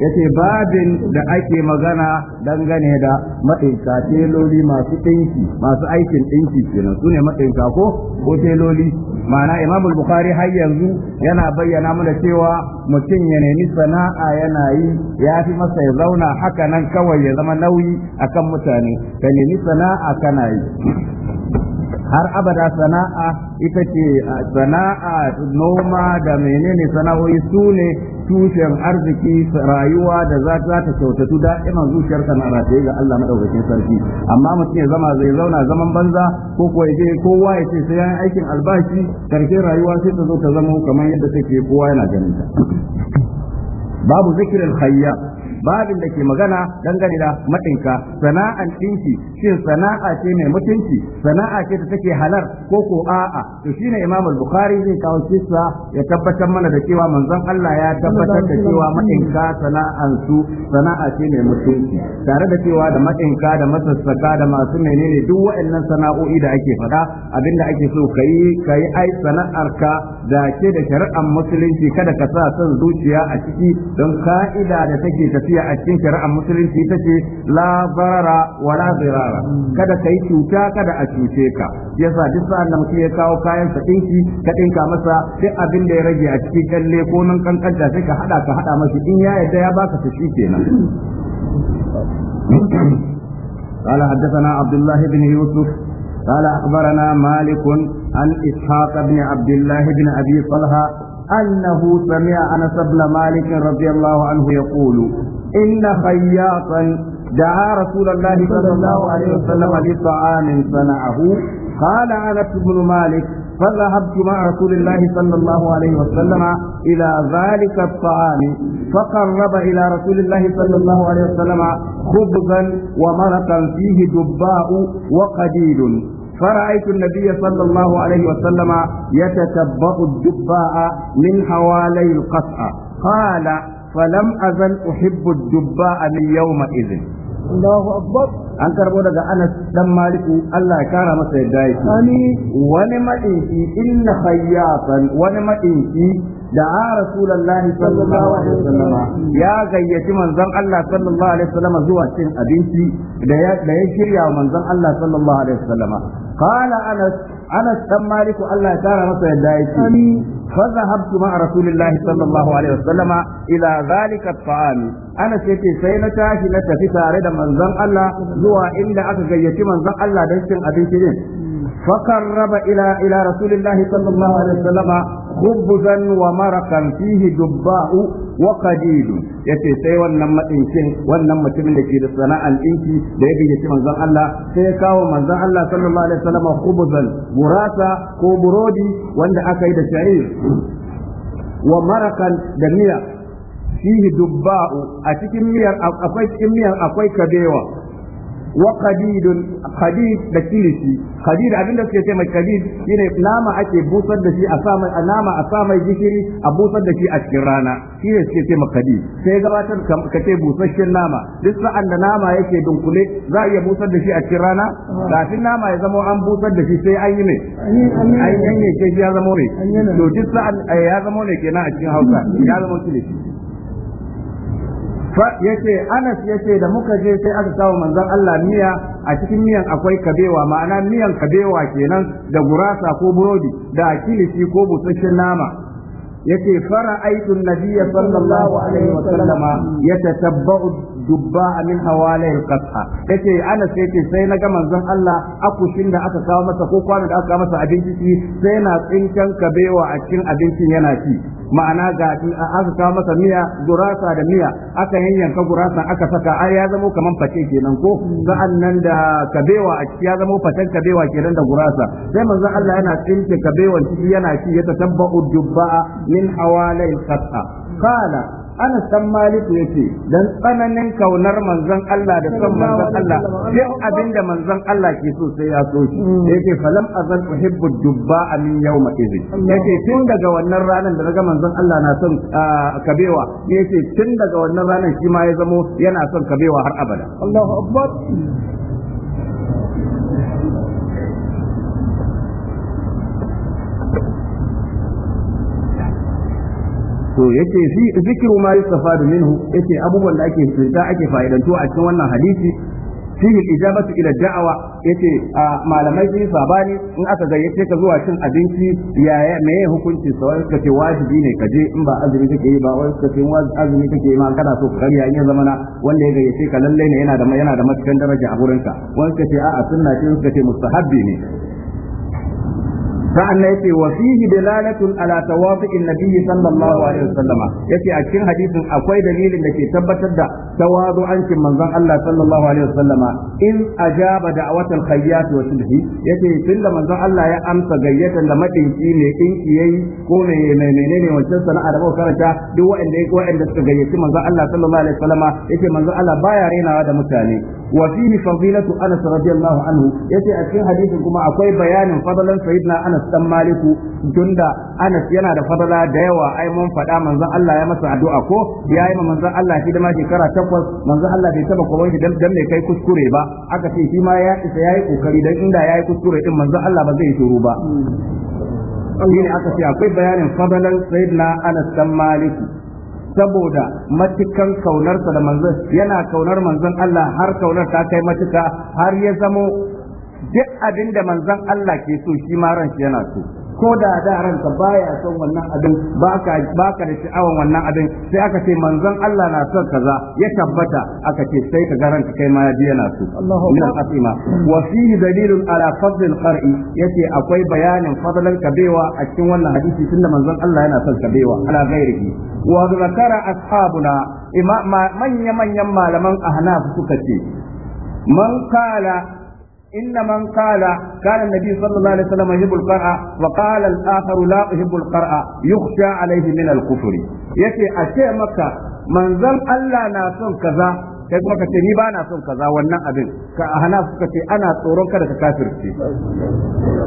Ya ce babin da ake magana dangane da matsinka teloli masu ɗinki masu aikin ɗinki kenan su ne matsinka ko ko teloli ma'ana imam bukari har yanzu yana bayyana mana cewa mutum ya nemi sana'a yana yi ya fi masa ya zauna haka nan kawai ya zama nauyi akan mutane ka nemi sana'a kana yi har abada sana'a ita ce sana'a noma da menene sana'o'i su ne tushen arziki rayuwa da za ta ta da da'iman zuciyar na rataye ga Allah madaukakin sarki amma mutum ya zama zai zauna zaman banza ko ko ya je kowa ya ce sai yayin aikin albashi karke rayuwa sai ta zo ta zama kamar yadda take kowa yana ganin ta babu zikirin hayya babin da ke magana dangane da maɗinka sana'an ɗinki shin sana'a ce mai mutunci sana'a ce ta take halar ko ko a'a to shine Imam al Bukhari zai kawo kissa ya tabbatar mana da cewa manzon Allah ya tabbatar da cewa maɗinka sana'an su sana'a ce mai mutunci tare da cewa da maɗinka da masassaka da masu menene duk waɗannan sana'o'i da ake faɗa abinda ake so kai kai ai ka da ke da shari'ar musulunci kada ka sa son zuciya a ciki don ka'ida da take tafi tafiya a cikin shari'ar musulunci ita ce la zarara wa la zirara kada kai cuta kada a cuce ka yasa duk sa'an da mutum ya kawo kayan sa dinki ka dinka masa duk abin da ya rage a cikin kalle ko nan kankanta sai ka hada ka hada masa in ya yadda ya baka shi kenan قال حدثنا عبد الله بن يوسف قال أخبرنا مالك عن إسحاق بن عبد الله بن أبي طلحة أنه سمع أنس بن مالك رضي الله عنه يقول إن خياطا دعا رسول الله صلى الله عليه وسلم لطعام صنعه قال أنس بن مالك فذهبت مع رسول الله صلى الله عليه وسلم إلى ذلك الطعام فقرب إلى رسول الله صلى الله عليه وسلم خبزا ومرقا فيه دباء وقديد فرأيت النبي صلى الله عليه وسلم يتتبأ الدباء من حوالي القصع قال falam azal uhibbu dubba'a min yawma idhin Allahu akbar an karɓo daga Anas ɗan Maliku Allah ya kara masa yadda yake amin wani madinki inna khayyatan wani madinki da'a Rasulullah sallallahu alaihi wasallam ya gayyaci manzon Allah sallallahu alaihi wasallam zuwa cin abinci da ya shirya manzon Allah sallallahu alaihi wasallam Anas dan Maliku Allah ya tara masa yadda yake فذهبت a رسول الله صلى الله عليه وسلم الى ذلك الطعام انا سيتي sai na tashi na tafi tare da manzon Allah zuwa inda aka gayyaci manzon Allah don cin abinci din fakarraba ila ila rasulillahi sallallahu alaihi wasallama خبزا ومرقا فيه دباء وقديد yace sai wannan matsinkin wannan mutumin da ke da sana'an dinki da ya gayyaci manzon Allah sai ya kawo manzon Allah sallallahu alaihi wasallam khubzan murasa ko burodi wanda aka yi da sha'ir wa marakan da miya fihi dubba'u a cikin miyar akwai cikin miyar akwai kabewa wa qadidun qadid da kilishi qadid abin da suke ce mai shine nama ake busar da shi a sa mai nama a sa mai gishiri a busar da shi a cikin rana shine suke ce mai qadid sai gabatar ka ce nama duk sa'an da nama yake dunkule za a iya busar da shi a cikin rana kafin nama ya zama an busar da shi sai an yi ne an ne ya zama ne to duk sa'an eh, ya zama ne kenan a cikin Hausa ya zama kilishi yace Anas yace da muka je sai aka kawo manzon Allah miya a cikin miyan akwai kabewa ma'ana miyan kabewa kenan da gurasa ko burodi da kilisi ko busasshen nama yace fara aitun nabiyya sallallahu alaihi wa sallama yatatabba'u a min kas'a qas'a yace ana sai ce sai na ga manzon Allah akushin da aka kawo masa ko kwanan da aka kawo masa abinci ci sai na tsinkan kabewa a cikin abincin yana ci ma'ana ga aka kawo masa miya gurasa da miya aka yanyanka gurasa aka saka ai ya zama kaman fate kenan ko sa'an nan da kabewa a ya zamo fatan kabewa kenan da gurasa sai manzon Allah yana tsinke kabewan ciki yana ci ya tatabba jubba min hawalail qas'a qala Anas san Maliku ce, dan tsananin kaunar manzon Allah da son manzon Allah duk abinda manzon Allah ke so sai ya so shi mm. yace falam azan uhibbu dubba min yawma Ya yace tun daga wannan ranar da naga manzon Allah na son kabewa yace tun daga wannan ranar shi ma ya zamo yana son kabewa har abada Allahu akbar to yace fi zikru ma yastafadu minhu yake abubuwan da ake da ake fa'idantu a cikin wannan hadisi فيه الإجابة إلى Yake, a malamai sun sabani in aka gayyace ka zuwa cin abinci ya me ya hukunci sai kace wajibi ne ka je in ba azumi kake yi ba wai kace azumi kake yi ma kana so ka karya in zamana wanda ya gayyace ka lalle ne yana da yana da matakan daraja a wurinka wani kace a'a sunna ce kace mustahabbi ne sa'an nan yace wa fihi dalalatun ala tawafi'in nabiyyi sallallahu alaihi wasallama yace a cikin hadisin akwai dalilin da ke tabbatar da tawadu'ancin manzon Allah sallallahu alaihi wasallama in ajaba da'watal khayyat wa sulhi yace tunda manzon Allah ya amsa gayyatar da madinki ne dinki yayi ko ne menene wancan sana'a da muka karanta duk waɗanda waɗanda suka gayyaci manzon Allah sallallahu alaihi wasallama yace manzon Allah baya rainawa da mutane wa fihi fadilatu Anas radiyallahu anhu yace a cikin hadisin kuma akwai bayanin fadalan sayyidina Anas dan Maliku tunda Anas yana da fadala da yawa ai mun faɗa manzo Allah ya masa addu'a ko ya yi manzon Allah shi da ma shekara takwas manzon Allah bai taba koyon shi dan dan mai kai kuskure ba aka ce shi ma ya isa yayi kokari dan inda yayi kuskure din manzon Allah ba zai shiru ba hmm. shine aka ce akwai bayanin fadalan sayyidina Anas dan Maliku saboda matukan kaunarsa da manzon yana kaunar manzon Allah har kaunar ta kai matuka har ya zamo duk abinda da manzon Allah ke so shi ma ran shi yana so ko da da ranka baya son wannan abin baka baka da sha'awan wannan abin sai aka ce manzon Allah na son kaza ya tabbata aka ce sai ka garanta kai ma yaji yana su min al-asima wa fihi dalilun ala fadl al-qari yace akwai bayanin fadlan kabewa a cikin wannan hadisi tunda manzon Allah yana son kabewa ala ghairihi wa zakara ashabuna manya manyan malaman ahnaf suka ce man kala إن من قال كان النبي صلى الله عليه وسلم يحب القرأ وقال الآخر لا أحب القرأ يخشى عليه من الكفر يتي أشياء مكة من ذل ألا ناسون كذا kai kuma ka ce ni ba na son kaza wannan abin ka hana suka ce ana tsoron kada ka kafirce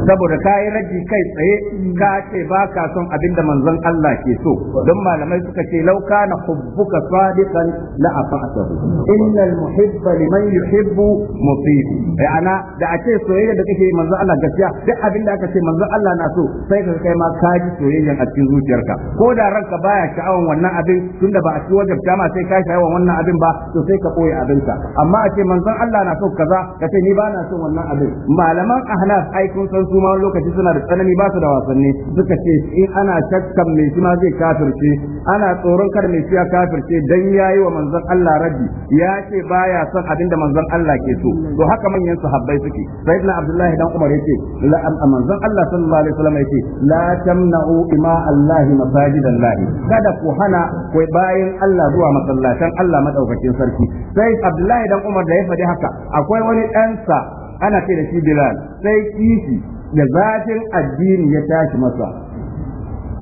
saboda ka yi raji kai tsaye ka ce ba ka son abin da manzon Allah ke so don malamai suka ce lauka na hubbuka sadiqan la afa'tahu innal muhibba liman yuhibbu musib eh, ana da a ce soyayya da kake manzon Allah gaskiya duk abin da aka ce manzon Allah na so sai ka kai ma ka ji soyayyan a cikin zuciyarka ko da ranka baya sha'awan wannan abin tunda ba a ci wajabta ma sai ka sha'awan wannan abin ba to sai ka abin abinka amma a ce manzon Allah na so kaza ka ce ni ba na so wannan abin malaman ahnaf ai kun san su ma lokaci suna da tsanani ba su da wasanni suka ce in ana shakkan mai shi ma zai kafirce ana tsoron kar mai shi ya kafirce dan yayi wa manzon Allah raddi ya ce baya son abin da manzon Allah ke so to haka manyan sahabbai suke sayyidina abdullahi dan umar yace la manzon Allah sallallahu alaihi wasallam yace la tamna'u ima Allah masajidallahi kada ku hana ku bayin Allah zuwa masallatan Allah madaukakin sarki sai abdullahi dan umar da ya faɗi haka akwai wani ɗansa ana ce da shi bilal sai kishi da zafin addini ya tashi masa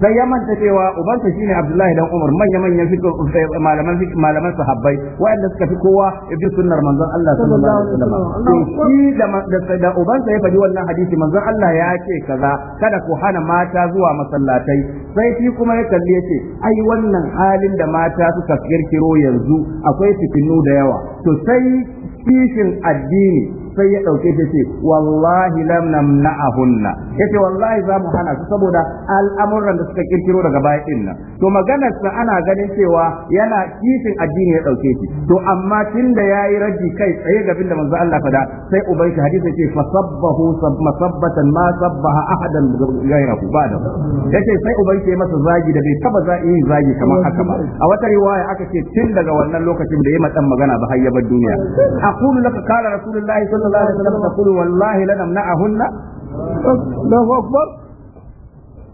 sai ya manta cewa ubansa shine Abdullahi dan Umar manya manyan eh, malaman malaman sahabbai waɗanda suka fi kowa bi sunnar manzon Allah sallallahu alaihi wasallam shi da da ubansa ya faɗi wannan hadisi manzon Allah ya ce kaza kada ku hana mata zuwa masallatai sai shi kuma ya kalli yace ai wannan halin da mata suka kirkiro yanzu akwai fitinu da yawa to sai kishin addini sai ya ɗauke shi ce wallahi lam ya yace wallahi za mu hana su saboda al'amuran da suka kirkiro daga baya din nan to maganar sa ana ganin cewa yana kifin addini ya dauke shi to amma tunda yayi raji kai tsaye ga bin da manzo Allah fada sai uban shi hadisi yace fasabbahu masabbatan ma sabbaha ahadan ghayrahu ba'da ce sai uban masa zagi da bai taba zagi zagi kamar haka ba a wata riwaya aka ce tun daga wannan lokacin da ya madan magana ba har ya bar duniya aqulu laka qala rasulullahi صلى الله عليه وسلم تقول والله لنمنعهن الله أكبر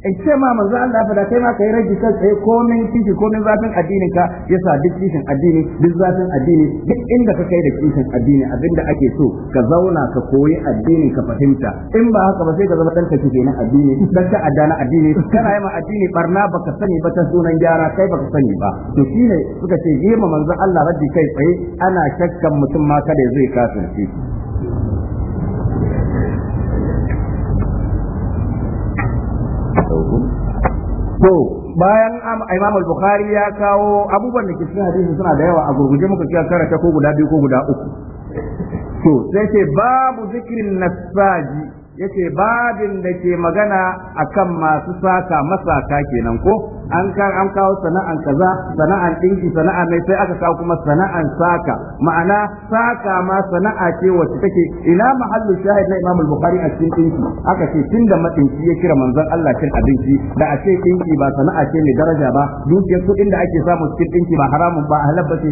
in ce ma manzo Allah fa da kai ma kai rage kan tsaye komai kishi komai zafin addinin ka yasa duk kishin addini duk zafin addini duk inda ka kai da kishin addini abinda ake so ka zauna ka koyi addini ka fahimta in ba haka ba sai ka zama dan kake kenan addini dan ka addana addini kana yi ma addini barna baka sani ba ta sunan gyara kai ba ka sani ba to shine suka ce yema manzo Allah rabbi kai tsaye ana shakkan mutum ma kada zai kafirce to bayan imam al-bukhari ya kawo abubuwan da ke cikin hadisi suna da yawa a gurguje muka kiyar ta ko guda biyu ko guda uku to sai ce babu zikirin nasaji yace babin da ke magana akan masu saka masaka kenan ko an kan an kawo sana'an kaza sana'an dinki sana'a mai sai aka kawo kuma sana'an saka ma'ana saka ma sana'a ce wacce take ina mahallu shahid na Imam al-Bukhari a cikin dinki aka ce tunda madinki ya kira manzon Allah cin abinci da a ce dinki ba sana'a ce mai daraja ba dukiyar kuɗin da ake samu cikin dinki ba haramun ba halal ba ce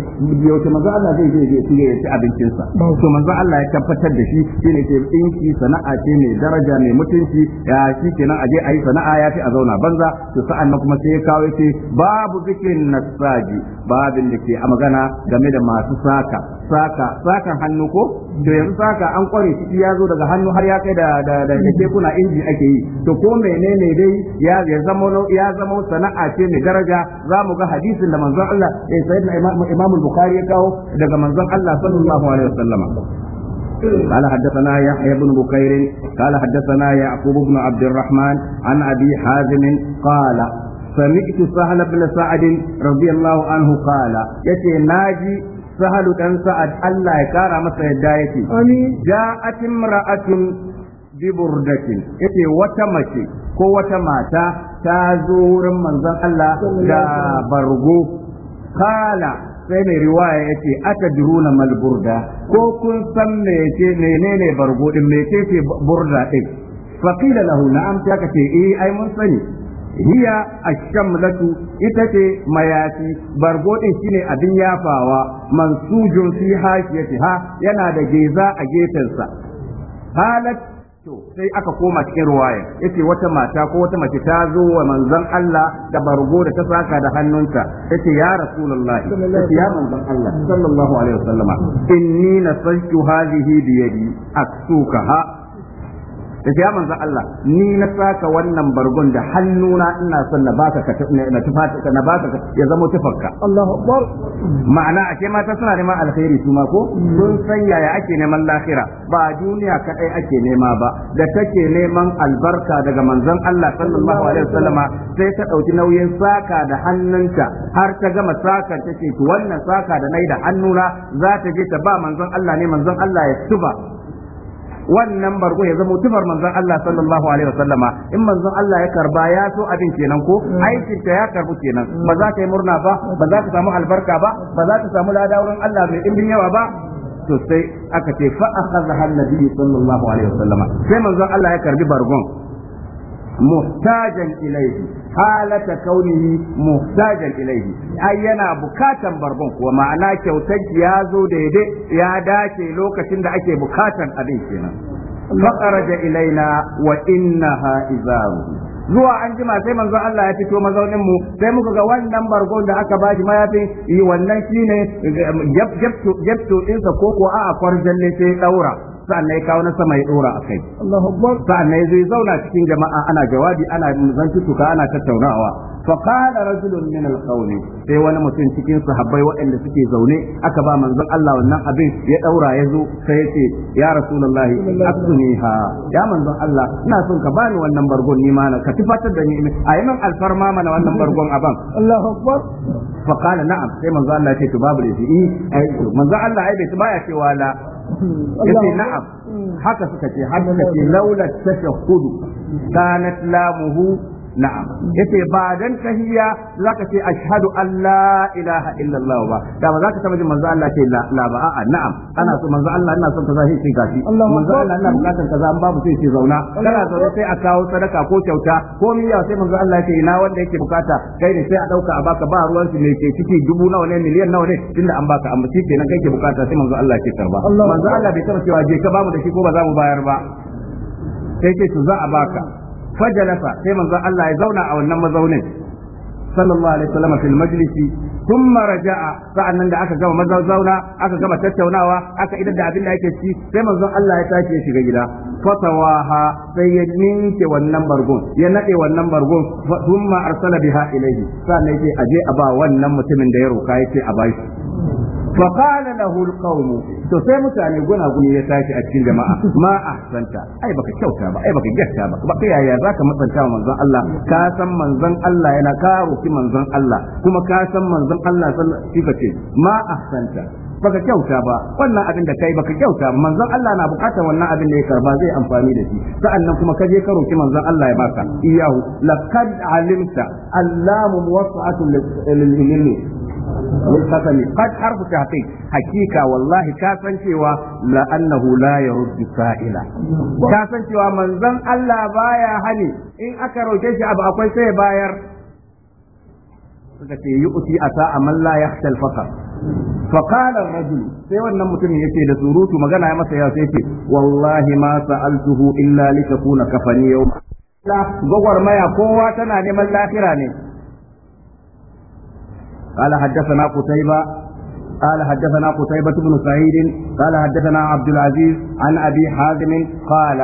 yaushe manzon Allah zai je ya ci ya ci abincin sa to manzon Allah ya tabbatar da shi shine ke dinki sana'a ce mai daraja mai mutunci ya shi kenan aje ayi sana'a ya fi a zauna banza to sa'an kuma sai kawo ce babu zikirin nasaji babin da ke a magana game da masu saka saka saka hannu ko to yanzu saka an kware shi ya zo daga hannu har ya kai da da da kuna inji ake yi to ko menene dai ya ya zama ya zama sana'a ce mai daraja za mu ga hadisin da manzon Allah eh sayyidina imam bukhari ya kawo daga manzon Allah sallallahu alaihi wasallam قال حدثنا يحيى بن بكير قال حدثنا يعقوب بن عبد الرحمن عن ابي حازم قال سمعت سهل بن سعد رضي الله عنه قال يتي ناجي سهل بن سعد الله يكرم سيدايتي جاءت امرأة biburdatin yace wata mace ko wata mata ta zo wurin manzon Allah da bargo sai mai riwaya yace atadruna mal burda ko kun san mece menene bargo din mece ce burda din faqila lahu na'am ta kace eh ai mun sani hiya ash-shamlatu ita ce mayafi bargo din shine abin yafawa mansujun fi ha, yana da geza a gefensa halat to sai aka koma cikin ruwaya yace wata mata ko wata mace ta zo wa manzon Allah da bargo da ta saka da hannunta yace ya rasulullahi yace ya manzon Allah sallallahu alaihi wasallama inni nasajtu hadhihi bi yadi ha. da ya manzo Allah ni na saka wannan bargon da hannuna ina son na baka ka na tufata na baka ya zama tufarka Allahu akbar ma'ana ake mata suna neman alkhairi su ko sun san yaya ake neman lahira ba duniya kadai ake nema ba da take neman albarka daga manzon Allah sallallahu alaihi wasallama sai ta dauki nauyin saka da hannunta har ta gama saka take to wannan saka da nayi da hannuna za ta je ta ba manzon Allah ne manzon Allah ya tuba wannan bargo ya zama tufar manzon Allah sallallahu alaihi wasallama in manzon Allah ya karba ya so abin kenan ko mm. aikin ta ya karbu kenan ba za ka yi murna ba ba za ka samu albarka ba ba za ka samu lada wurin Allah mai dimbin yawa ba to sai aka ce fa akhadha an-nabi sallallahu alaihi wasallama sai manzon Allah ya karbi bargon محتاجا إليه حالة كونه محتاجا إليه أي ينا بكاتا بربون ومعنى كوتج يازو ديدي يا داشي لوكا شند أكي بكاتا أبيكنا فخرج إلينا وإنها إزاره zuwa an jima sai manzo Allah ya fito mazaunin mu sai muka ga wannan bargon da aka bashi mayafin yi wannan shine jabto jabto ɗinsa ko a a'a kwarjalle sai daura sa'annan ya kawo na sama ya dora a kai sa'annan ya zai zauna cikin jama'a ana jawabi ana zantuka ana tattaunawa فقال رجل min القوم sai wani mutum cikin sahabbai waɗanda suke zaune aka ba manzon Allah wannan abin ya daura ya zo sai ya ce ya rasulullah aksuniha ya manzon Allah ina son ka bani wannan bargon ni ma na ka tifatar da ni a yi min alfarma mana wannan bargon aban Allahu akbar fa na'am sai manzon Allah ya ce to babu laifi eh manzon Allah ai bai baya cewa la yace na'am haka suka ce har suka ce laula tashahhudu kanat lamuhu na'am yace ba dan tahiyya zaka ce ashhadu an la ilaha illallah ba da ba zaka taba jin manzo Allah ce la ba a'a na'am ana so manzo Allah ina son kaza sai ce gashi manzo Allah ina bukatan kaza an babu sai ce zauna kana zaune sai a kawo sadaka ko kyauta ko miya sai manzo Allah ce ina wanda yake bukata kai ne sai a dauka a baka ba ruwan su ne ke ciki dubu nawa ne miliyan nawa ne tunda an baka amma shi kenan kai ke bukata sai manzo Allah ke karba manzo Allah bai taba cewa je ka bamu da shi ko ba za mu bayar ba sai ke to za a baka fajalasa sai manzon Allah ya zauna a wannan mazaunin sallallahu alaihi wasallam fil majlisi thumma raja'a sa'annan da aka gama mazauna aka gama tattaunawa aka idan da abin da yake ci sai manzon Allah ya tashi ya shiga gida fatawaha sai ya ninke wannan bargon ya nade wannan bargon thumma arsala biha ilayhi sa'annan na aje a ba wannan mutumin da ya roka yace a bashi fa qala lahu alqawm to sai mutane guna guni ya tashi a cikin jama'a ma ahsanta ai baka kyauta ba ai baka gatta ba yaya zaka matsanta wa manzon Allah ka san manzon Allah yana karo ki manzon Allah kuma ka san Allah baka kyauta ba wannan abin da kai baka kyauta ba manzon Allah na bukatar wannan abin da ya karba zai amfani da shi sa'annan kuma ka je ka roki manzon Allah ya baka iyahu laqad alimta allamu muwaffa'atun lil للقسم قد حرف hakika wallahi والله كاسن شوى لأنه لا يرد سائلا كاسن شوى allah baya ألا in aka إن shi abu akwai أقوي bayar باير يؤتي أساء من لا يخشى الفقر فقال الرجل sai wannan mutumin yace da surutu magana ya masa ya sai ce wallahi ma sa'altuhu illa litakuna kafani yawma la gwagwarmaya kowa tana neman lafira ne قال حدثنا قتيبة قال حدثنا قتيبة بن سعيد قال حدثنا عبد العزيز عن أبي حازم قال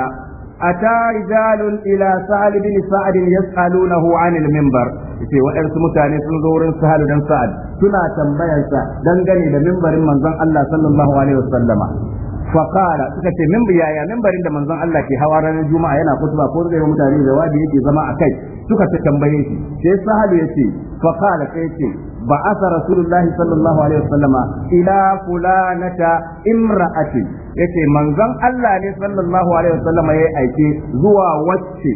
أتى رجال إلى سعد بن سعد يسألونه عن المنبر في وإرس متاني سنزور سهل بن سعد سنة تنبيا سعد دنقني بمنبر من زن الله صلى الله عليه وسلم faqala suka ce min yaya mimbarin da manzon Allah ke hawa ranar juma'a yana kutuba ko zai mutane jawabi yake zama akai suka ta tambaye shi sai sahalu yace faqala sai yace ba'atha rasulullahi sallallahu alaihi wasallama ila fulanata imra'ati yace manzon Allah ne sallallahu alaihi wasallama yayi aike zuwa wacce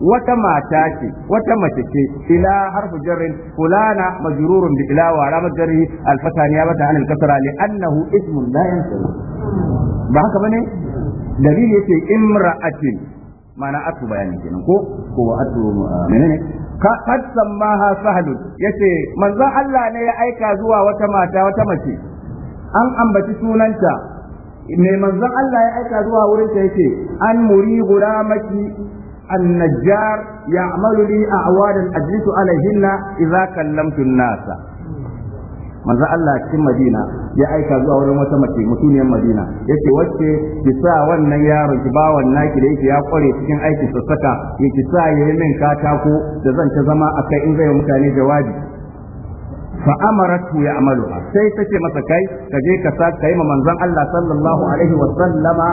wata mata ce wata mace ce ila harfu jarrin fulana majrurun bi ila wa alamat jarrihi al fataniya bata an al kasra li annahu ismun la yansab ba haka bane dalili yace imra'atin mana atu bayani kenan ko ko atu menene kad sammaha sahlun yace manzo Allah ne ya aika zuwa wata mata wata mace an ambaci sunanta mai manzon Allah ya aika zuwa wurin ta yace an muri guramaki النجار يعمل لي أعوادا أجلس عليهن إذا كلمت nasa. manzo Allah cikin Madina ya aika zuwa wurin wata mace mutuniyar Madina yace wacce ki sa wannan yaron ki ba wannan ki da yake ya kware cikin aikin sassaka ya ki sa yayin min katako da zan ta zama akai in zai mutane jawabi fa amaratu ya sai tace masa kai kaje je ka sa kai ma manzon Allah sallallahu alaihi wa sallama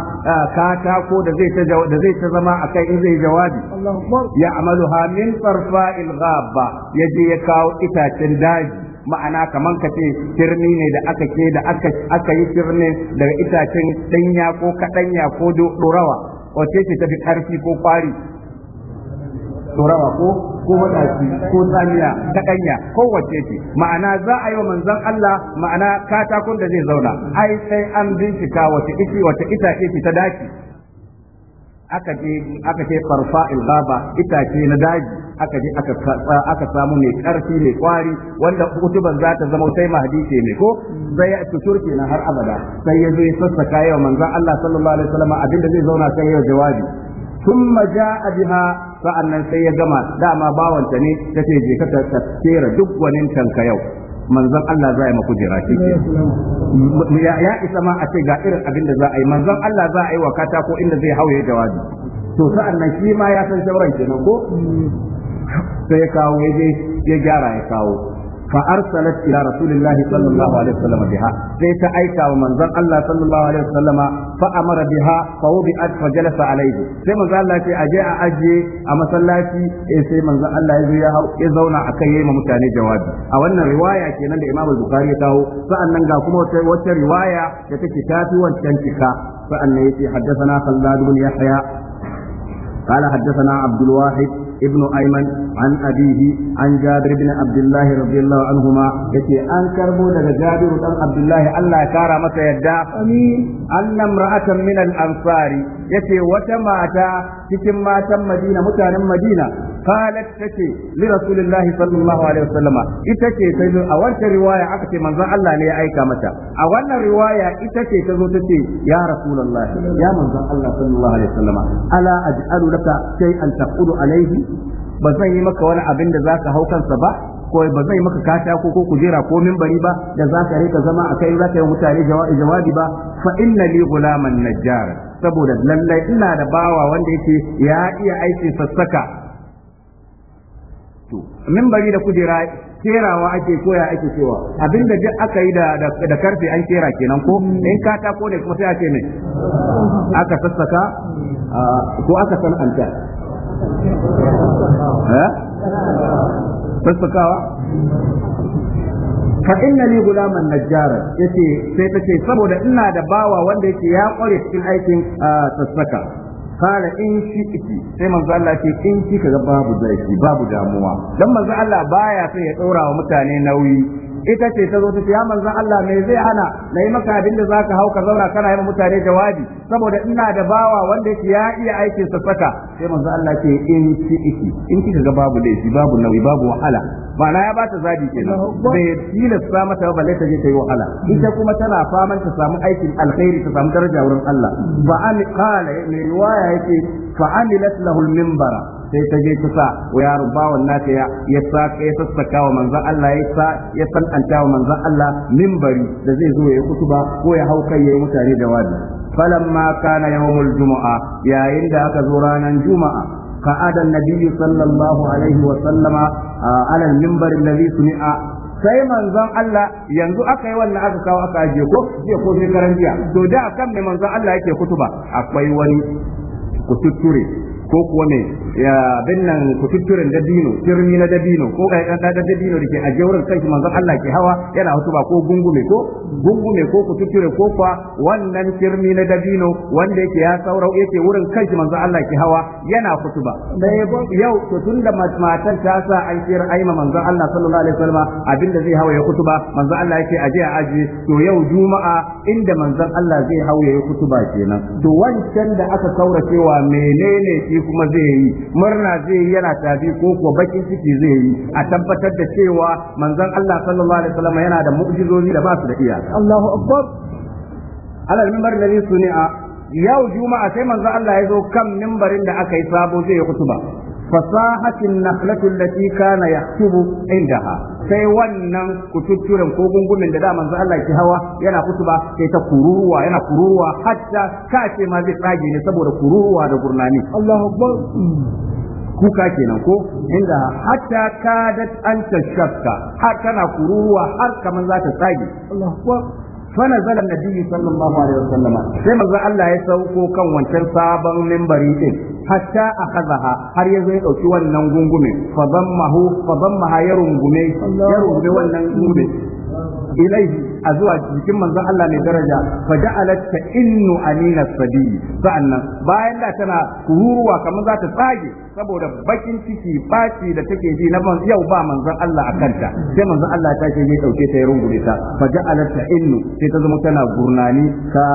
ka ta ko da zai ta da zai ta zama akai in zai jawabi ya min farfa'il ghabba yaje ya kawo itacen daji ma'ana kaman ka ce kirni ne da aka ke da aka yi kirni daga itacen danya ko kadanya ko dorawa wace ce ta fi karfi ko kwari turawa ko ko madaci ko tsamiya kanya ko wacce ce ma'ana za a yi wa manzon Allah ma'ana katakon da zai zauna ai sai an bincika wace ici wace itace ce ta daki. aka je aka ce farfa ita itace na daji aka je aka samu mai karfi mai kwari wanda kutuban za ta zama sai mahdi ce ne ko sai ya tutur na har abada sai ya zo ya sassaka yau manzon Allah sallallahu alaihi wasallam abinda zai zauna sai ya jawabi Tun thumma a biha sa'annan sai ya gama dama bawanta ne tace je ka tsira duk wani tanka yau manzon Allah za a yi ma ya isa ma a ce ga irin abin da za a yi Allah za a yi wa katako inda zai hau ya jawabi to sa'annan shi ma ya san shauran kenan ko hmm. sai ya kawo ya je ya gyara ya kawo fa arsalat ila rasulillahi sallallahu alaihi wasallam biha sai ta aika wa manzon Allah sallallahu alaihi wasallama fa amara biha fa wubi'at fa jalasa alaihi sai manzon aje a ajiye a masallaci eh sai manzon Allah ya zo ya hau ya zauna akai yayin mutane jawabi a wannan riwaya kenan da Imam Bukhari ya kawo sa'annan ga kuma wata riwaya da take tafi wancan cika sa'annan yace haddathana Khallad bin Yahya قال حدثنا عبد الواحد ابن أيمن عن أبيه عن جابر بن عبد الله رضي الله عنهما يتي أنكر مولد جابر بن عبد الله ألا كار متى يدع أن امرأة من الأنصار يتي وتماتا cikin matan Madina mutanen Madina qalat tace li rasulillahi sallallahu alaihi wasallama ita ce ta zo a wancan riwaya aka ce manzon Allah ne ya aika mata a wannan riwaya ita ce ta zo tace ya rasulullahi ya manzon Allah sallallahu alaihi wasallama ala aj'alu laka shay'an taqulu alaihi ba zan yi maka wani abin da zaka hau kansa ba ko ba zai maka katako ko kujera ko bari ba da za ka rika zama a kai za ka mutane jawabi ba fa inna li gulaman najjar saboda lallai ina da bawa wanda yake ya iya aikin sassaka to bari da kujera kerawa ake koya ake cewa abinda duk aka yi da karfe an kera kenan ko in katako ne kuma sai ake mai aka sassaka ko aka san anta eh? sassakawa fa inna li gulaman najjara yace sai take saboda ina da bawa wanda yake ya kware cikin aikin sassaka kala in shi iki sai manzo Allah ce in shi ga babu zaifi babu damuwa dan manzo Allah baya sai ya daura wa mutane nauyi ita ce ta zo ta ya manzan Allah mai zai hana na yi maka abin da za ka hau ka zauna kana yi mutane jawabi saboda ina da bawa wanda yake ya iya aikin sa saka sai manzan Allah ce in ci iki in kika ga babu laifi babu nauyi babu wahala ma'ana ya bata zabi kenan bai tilasta mata ba balle ta je ta yi wahala ita kuma tana faman ta samu aikin alkhairi ta samu daraja wurin Allah fa an qala riwaya yake fa amilat lahu al-minbara sai ta je kusa wa ya rubawan nata ya ya saka ya sassaka wa manzon Allah ya sa ya sananta wa manzon Allah minbari da zai zo ya kutuba ko ya hau kai ya yi mutane jawabi falamma kana yawmul jumu'a yayin da aka zo ranar juma'a قعد النبي صلى الله عليه وسلم على المنبر الذي سمع sai manzon Allah yanzu aka yi wannan aka kawo aka ajiye ko jiya ko shekaran jiya to da akan mai manzon Allah yake kutuba akwai wani kututture ko kuwa mai ya binnan nan kututturen dabino kirmi na dabino ko kai dabino da ke a jawurin kanki manzon Allah ke hawa yana hutuba ko gungume ko gungume ko kututture ko kwa wannan kirmi na dabino wanda yake ya saurau yake wurin kanki manzon Allah ke hawa yana hutuba yau to tunda matar ta sa an kira aima manzon Allah sallallahu alaihi wasallam abinda zai hawa ya kutuba manzon Allah yake aje a aji to yau juma'a inda manzon Allah zai hawa ya kutuba kenan to wancan da aka kaura cewa menene shi kuma zai yi murna zai yi yana tafi ko kuwa bakin ciki zai yi a tabbatar da cewa manzon Allah sallallahu alaihi wasallam yana da mu'jizozi da ba su da iya Allahu akbar alal minbar ne a. yau juma'a sai manzon Allah ya zo kan mimbarin da aka yi sabo zai yi kutuba فصاحت النخلة التي كان يخطب عندها sai wannan kututturen ko gungumin da daman Allah ke hawa yana kutuba sai ta kururuwa yana kururuwa hatta ka ce ma zai tsage ne saboda kururuwa da gurnani Allahu Akbar kuka kenan ko inda hatta kadat an tashakka har kana kururuwa har kaman za ta tsage Allahu Akbar فنزل النبي صلى الله عليه وسلم sai manzo Allah ya sauko kan wancan sabon mimbari din hatta kazaha, har ya ya ɗauki wannan gungume fa dammahu fa ya rungume wannan ilaihi a zuwa jikin manzon Allah mai daraja fa ja'alat ta innu amina sabi sa'annan bayan da tana kururuwa kamar zata tsage saboda bakin ciki baci da take ji na yau ba manzon Allah a kanta sai manzon Allah ta ce ya dauke ta ya rungume ta fa ja'alat ta innu sai ta zama tana gurnani ka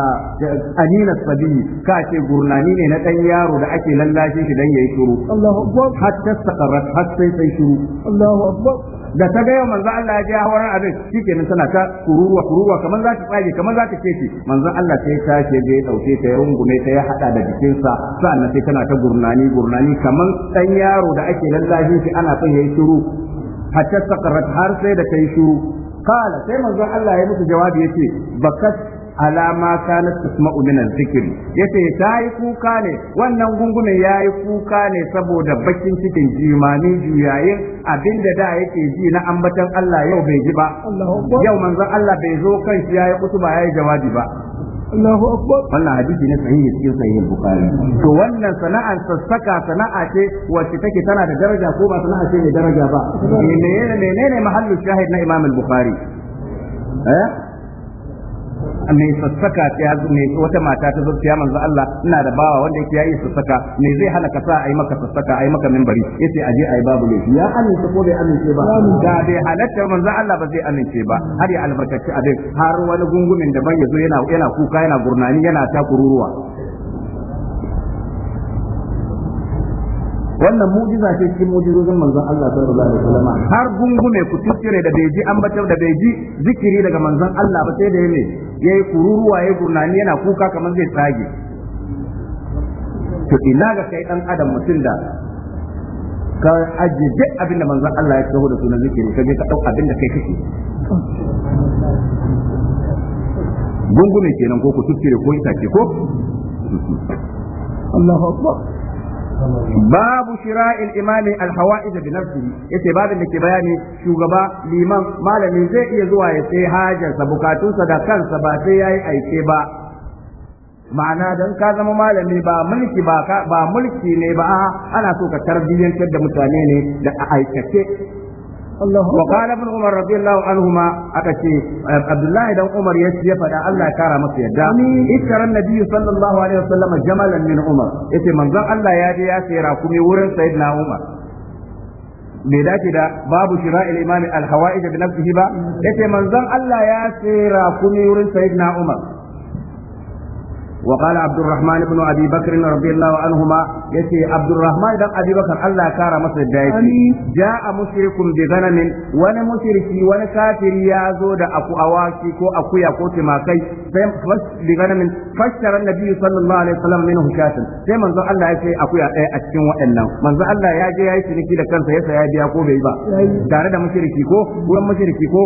amina sabi ka ce gurnani ne na dan yaro da ake lallashin shi dan yayi shiru Allahu akbar hatta saqarat hatta sai shiru Allahu akbar da ta ga yau manzo Allah ya je hawaran abin shikenan tana ta kururuwa kururuwa kamar za ta tsage kamar za ta kece manzo Allah sai ta ce je dauke ta ya rungume ta ya hada da jikinsa sa'annan sai tana ta gurnani gurnani kamar dan yaro da ake lallashin shi ana son yayi shiru hatta sakarat har sai da ta yi shiru kala sai manzon Allah ya musu jawabi yace bakat alama kanat tasma'u min al-zikri yace ta yi kuka ne wannan gungume yayi kuka ne saboda bakin cikin jimani juyayin abinda da yake ji na ambatan Allah yau bai ji ba yau manzon Allah bai zo kan shi yayi kutuba yayi jawabi ba Allahu akbar wannan hadisi ne sahihi cikin sahih bukhari to wannan sana'ar sassaka sana'a ce wacce take tana da daraja ko ba sana'a ce mai daraja ba menene menene mahallu shahid na Imam al-Bukhari eh mai sassaka ta mai wata mata ta zo ya manzo Allah ina da bawa wanda yake yayi sassaka me zai hana ka sa ai maka sassaka ai maka minbari yace aje ai babu ne ya amince ko bai amince ba da bai halatta manzo Allah ba zai amince ba har ya albarkaci abin har wani gungumin da ban yazo yana yana kuka yana gurnani yana ta kururuwa wannan mu'jiza ce cikin mu'jizozin manzon Allah sallallahu alaihi wasallam har gungume ku tuskire da bai ji ambatar da bai ji zikiri daga manzon Allah ba sai da ne. yi kururuwa yi gurnani yana kuka kamar zai tsage to ina ga kai dan adam mutum da ka ajiye duk abin da manzon Allah ya taho da sunan zikiri ka je ka dau abin da kai kake gungume kenan ko ku tukkire ko itace ko Allahu akbar babu shira'il imami alhawa'id bi nafsihi yace babin da ke bayani shugaba liman malami zai iya zuwa ya sai hajarsa bukatunsa da kansa ba sai yayi aike ba ma'ana dan ka zama malami ba mulki ba ba mulki ne ba ana so ka tarbiyyantar da mutane ne da aikace wa qala umar radiyallahu anhuma aka ce abdullahi dan umar ya ce fada Allah ya kara masa yadda iskaran nabi sallallahu alaihi wasallam na min umar yace manzon Allah ya je ya sayi rakumi wurin sayyidina umar bai dace da babu shira'il imami al-hawa'ij bi nafsihi ba yace manzon Allah ya sayi rakumi wurin sayyidina umar وقال عبد الرحمن بن ابي بكر رضي الله عنهما يتي عبد الرحمن بن ابي بكر الله كار مصر دايتي جاء مشرك بغنم وانا مشركي وانا كافر يا زود اكو اواكي كو اكو يا كو تماكي بغنم فاشترى النبي صلى الله عليه وسلم منه شاة sai manzo Allah ya ce akuya ɗaya a cikin waɗannan manzo Allah ya je ya yi ciniki da kansa ya saya biya ko bai ba tare da mushriki ko wurin mushriki ko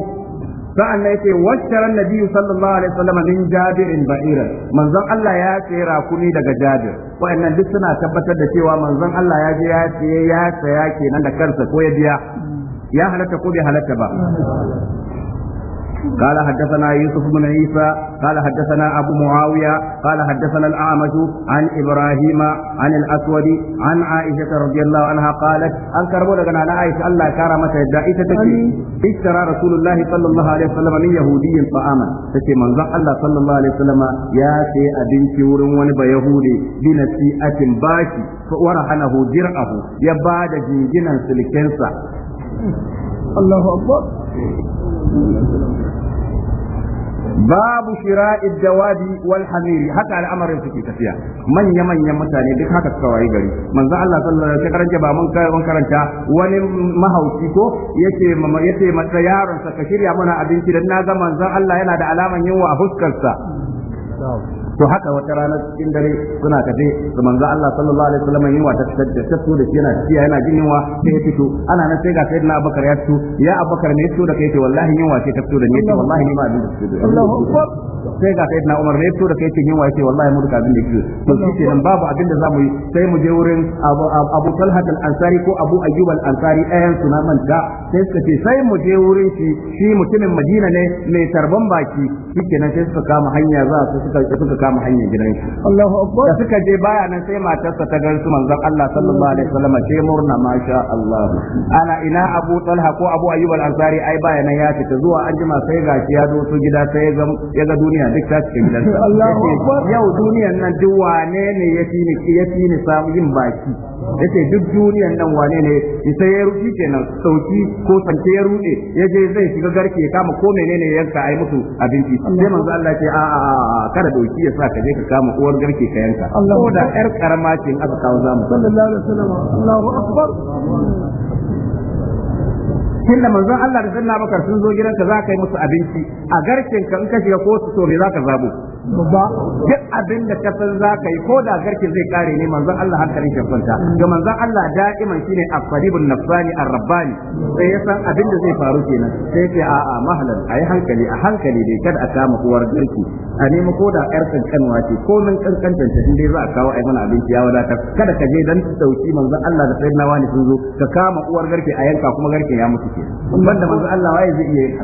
sa'an nan wacce ran nabi sallallahu alaihi nin min jabirin ba'ira manzon Allah ya sayi rakumi daga jabir wa'annan duk suna tabbatar da cewa manzon Allah ya je ya ya saya kenan da karsa ko ya biya ya halatta ko bai halatta ba قال حدثنا يوسف بن عيسى قال حدثنا أبو معاوية قال حدثنا الأعمش عن إبراهيم عن الأسود عن عائشة رضي الله عنها قالت أنكر بولغنا أنا عائشة الله كرمت عائشة اشترى رسول الله صلى الله عليه وسلم من يهودي طعاما تكي منزع الله صلى الله عليه وسلم يا سي أبنتي ورمون بيهودي بنسيئة باشي ورحنه درعه يباد جنجنا سلكنسا الله أكبر babu shira dawabi wal hamiri haka al'amarin suke tafiya manya manya mutane duk haka suka wayi gari manzo Allah sallallahu alaihi wasallam ba mun kai karanta wani mahauci ko yake mama yaronsa, mata yaron sa ka shirya mana abinci dan na ga manzo Allah yana da alaman yunwa a fuskarsa to haka wata rana cikin dare suna kaje da manzo Allah sallallahu alaihi wasallam yunwa ta tattaso da shi yana ciya yana jin yunwa sai ya fito ana nan sai ga sayyidina Abubakar ya fito ya Abubakar ne fito da kai ce wallahi yunwa ce ta fito da ni ce wallahi ni ma abin da fito Allahu akbar sai ga sayyidina Umar ne fito da kai ce wa ce wallahi mu duka abin da fito to shi kenan babu abin da zamu yi sai mu je wurin Abu Talha al-Ansari ko Abu Ayyub al-Ansari ayan suna manta sai suka ce sai mu je wurin shi shi mutumin Madina ne mai tarban baki shi kenan sai suka kama hanya za su suka suka kama hanyar gidan shi Allahu akbar da suka je baya nan sai matarsa ta gan su manzon Allah sallallahu alaihi wasallam ce murna masha Allah ana ina Abu Talha ko Abu Ayyub al-Ansari ai baya nan ya fita zuwa anjima sai gashi ya doso gida sai ya ga duniya duk ta cikin gidansa Allahu akbar yau duniyan nan duk wane ne ya fi ni ya fi ni samu yin baki yace duk duniyan nan wane ne sai ya rufi kenan sauki ko sanke ya rude ya je zai shiga garke kama ko menene yanka ai musu abinci sai manzo Allah ce a a kada dauki ya sa ka je ka kama uwar garke ka yanka ko da yar karama ce in aka kawo zamu sallallahu alaihi wasallam Allahu akbar kin da manzon Allah da sanna bakar sun zo gidanka za ka yi musu abinci a garken ka in ka shiga ko su to me za ka zabo duk abin da ka san za ka yi ko da garke zai kare ne manzon Allah hankalin shi kwanta ga manzon Allah da'iman shine aqribun nafsani ar-rabbani sai ya san abin da zai faru kenan sai ce a a mahalan ayi hankali a hankali dai kada a samu uwar garki a nemi ko da yar kankanwa ce ko min kankantan ta dai za a kawo ai mana abinci ya wadata kada ka je dan dauki manzon Allah da sayyidina wani sun zo ka kama uwar garke a yanka kuma garke ya mutu kenan banda manzon Allah waye zai iya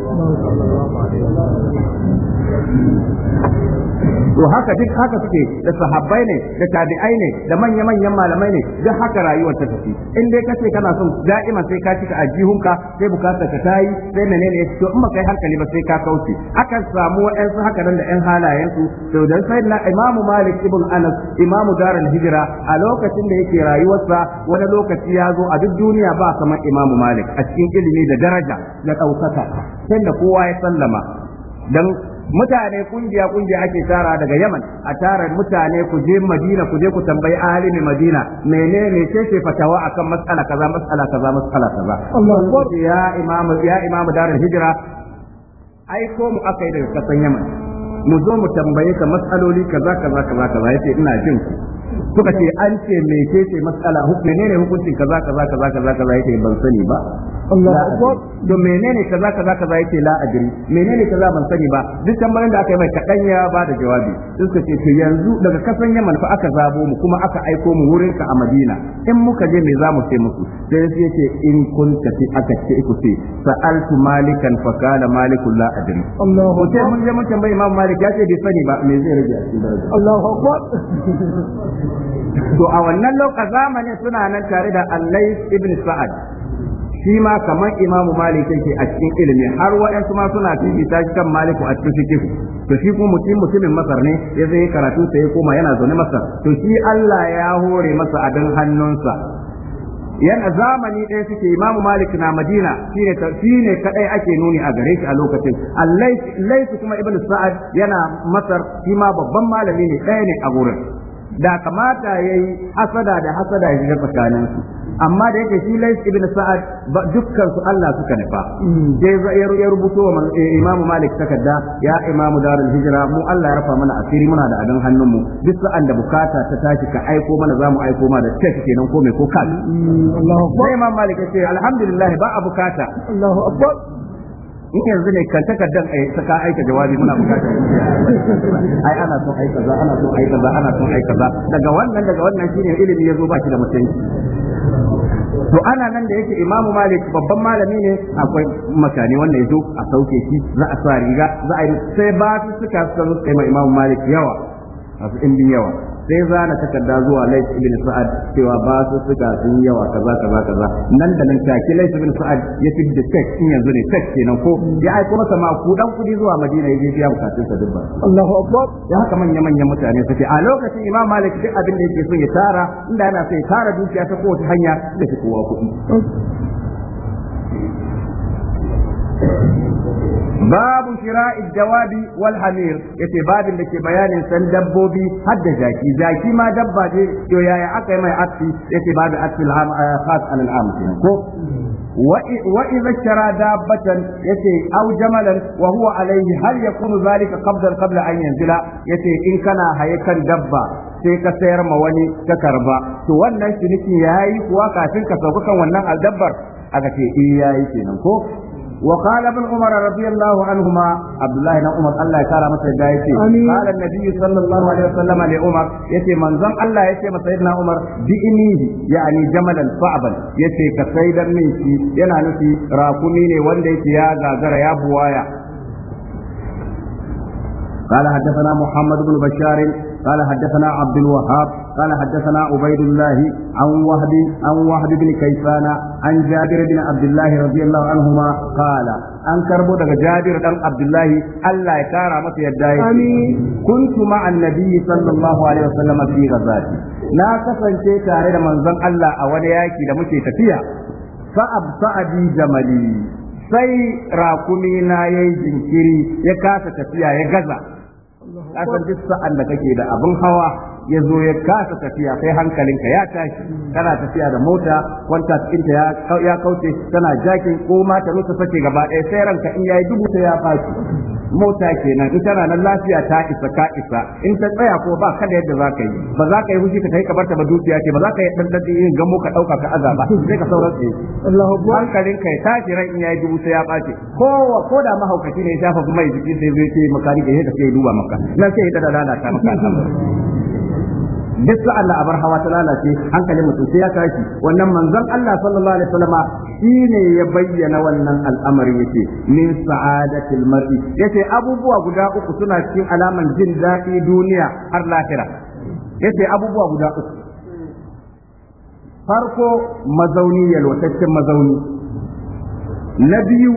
to haka duk haka suke da sahabbai ne da tabi'ai ne da manya manyan malamai ne duk haka rayuwar ta tafi in dai kace kana son da'ima sai ka cika ajihunka sai bukatar ka tayi sai menene to in kai hankali ba sai ka kauce akan samu waɗansu haka nan da 'yan halayen su to dan sai na imamu malik ibn anas imamu darul hijra a lokacin da yake rayuwarsa wani lokaci ya zo a duk duniya ba kamar imamu malik a cikin ilimi da daraja da ɗaukaka tunda da kowa ya sallama dan mutane kungiya kungiya ake tara daga Yaman a tara mutane ku je Madina ku je ku tambayi ne Madina menene ne ce fatawa akan mas'ala kaza mas'ala kaza mas'ala kaza ya imam ya imam darul hijira ai ko mu akai daga kasan Yaman mu zo mu tambaye ka mas'aloli kaza kaza kaza kaza yace ina jin ku suka ce an ce me ce ce matsala menene hukuncin kaza kaza kaza kaza kaza yake ban sani ba Allah akbar to menene kaza kaza kaza yake la adri menene kaza ban sani ba duk tambayoyin da aka yi mai kadan ya ba da jawabi suka ce to yanzu daga kasan Yaman fa aka zabo mu kuma aka aiko mu wurin ka a Madina in muka je me zamu ce musu sai sai ce in kun tafi aka ce ku ce sa'altu malikan fa kana malikul la adri Allahu ce. mun je mun tambayi Imam Malik ya ce bai sani ba me zai rage a cikin Allahu akbar to a wannan lokacin zamanin suna nan tare da Allah ibn Sa'ad shi ma kamar Imam Malik yake a cikin ilimi har waɗansu ma suna fifita shi kan Malik a cikin fiqh to shi kuma mutum mutumin Masar ne ya zai karatu sai koma yana zaune Masar to shi Allah ya hore masa abin hannunsa yana zamani ɗaya suke imamu malik na madina shine shine kadai ake nuni a gare shi a lokacin allai kuma ibnu sa'ad yana masar shi ma babban malami ne ɗaya ne a gurin da kamata yayi hasada da hasada ya shiga tsakanin su amma da yake shi Lais ibn Sa'ad dukkan su Allah suka nufa sai mm. ya rubuto wa eh, Imam Malik takarda ya Imam Darul Hijra mu Allah ya rafa mana asiri muna da abin hannun mu duk sa'an da bukata ta tashi ka aiko mana zamu aiko mana da take kenan ko me ko kan mm, Allahu Akbar Imam Malik ya ce alhamdulillah ba a bukata Allahu Akbar in yanzu ne kan a ai saka aika jawabi muna bukatar ai ana son aika za ana son aika za ana son aika za daga wannan daga wannan shine ilimi yazo ba da mutunci to ana nan da yake imamu malik babban malami ne akwai makani wanda ya zo a sauke shi za a sa riga za a yi sai ba su suka suka zo kai ma imamu malik yawa su ɗimbin yawa sai zana takarda zuwa Lais ibn Sa'ad cewa ba su suka sun yawa kaza kaza kaza nan da nan shaki Lais ibn Sa'ad ya fi fidda tek in yanzu ne tek kenan ko ya aiko masa maku ku dan kudi zuwa Madina ya je biya bukatun sa dubba Allahu akbar ya haka manya manyan mutane suke a lokacin Imam Malik duk abin da yake so ya tara inda yana so ya tara dukiya ta kowace hanya da kowa kuɗi babu shira'id dawabi walhamir hamir yace babin da ke bayanin san dabbobi har da jaki ma dabba de to yaya aka yi mai aksi yace babu aksi al khas al am ko wa idza shara dabbatan yace aw jamalan wa huwa alayhi hal yakunu zalika qabla qabla an yanzila yace in kana hayakan dabba sai ka sayar ma wani ka karba to wannan ciniki yayi kuwa kafin ka sauka kan wannan aldabbar aka ce eh yayi kenan ko وقال ابن عمر رضي الله عنهما عبد الله بن عمر الله يكرمه مسا دا yace قال النبي صلى الله عليه وسلم لعمر yace manzon Allah yace ma na Umar bi'ini yani Jamalal sa'ban yace ka saidar min yana nufi rakumi ne wanda yake ya gagara ya buwaya قال حدثنا محمد بن بشار قال حدثنا عبد الوهاب قال حدثنا عبيد الله عن وهب عن وهب بن كيسان عن جابر بن عبد الله رضي الله عنهما قال an karbo daga Jabir ɗan Abdullahi Allah ya kara masa yadda yake kuntu ma annabi sallallahu alaihi wasallam fi ghazati na kasance tare da manzon Allah a wani yaki da muke tafiya fa absa'adi jamali sai rakumi na yayi jinkiri ya kasa tafiya ya gaza kasan duk sa'an da kake da abin hawa ya zo ya kasa tafiya sai hankalinka ya tashi kana tafiya da mota kwanta cikinta ya kauce tana jakin ko ma ta rusa sake gaba ɗaya sai ranka in yayi dubu ta ya fashi mota kenan in tana nan lafiya ta isa ka isa in ta tsaya ko ba kada yadda za ka yi ba za ka yi fushi ka kai kabar barta ba dukiya ce ba za ka yi dan dan yin gamo ka dauka ka aza ba sai ka sauran tsaye Allahu akbar hankalin kai tashi ran in yayi dubu sai ya bace ko ko da mahaukaci ne ya shafa mai jiki sai zai ce makanike ya tafi duba maka nan sai ya da lalata maka al'amari duk abar hawa ta lalace hankalin mutum sai ya tashi wannan manzon Allah sallallahu alaihi wasallama shine ya bayyana wannan al'amari yake min sa'adatil mar'i yace abubuwa guda uku suna cikin alaman jin daɗi duniya har lahira yace abubuwa guda uku farko mazauni yalwataccen mazauni na biyu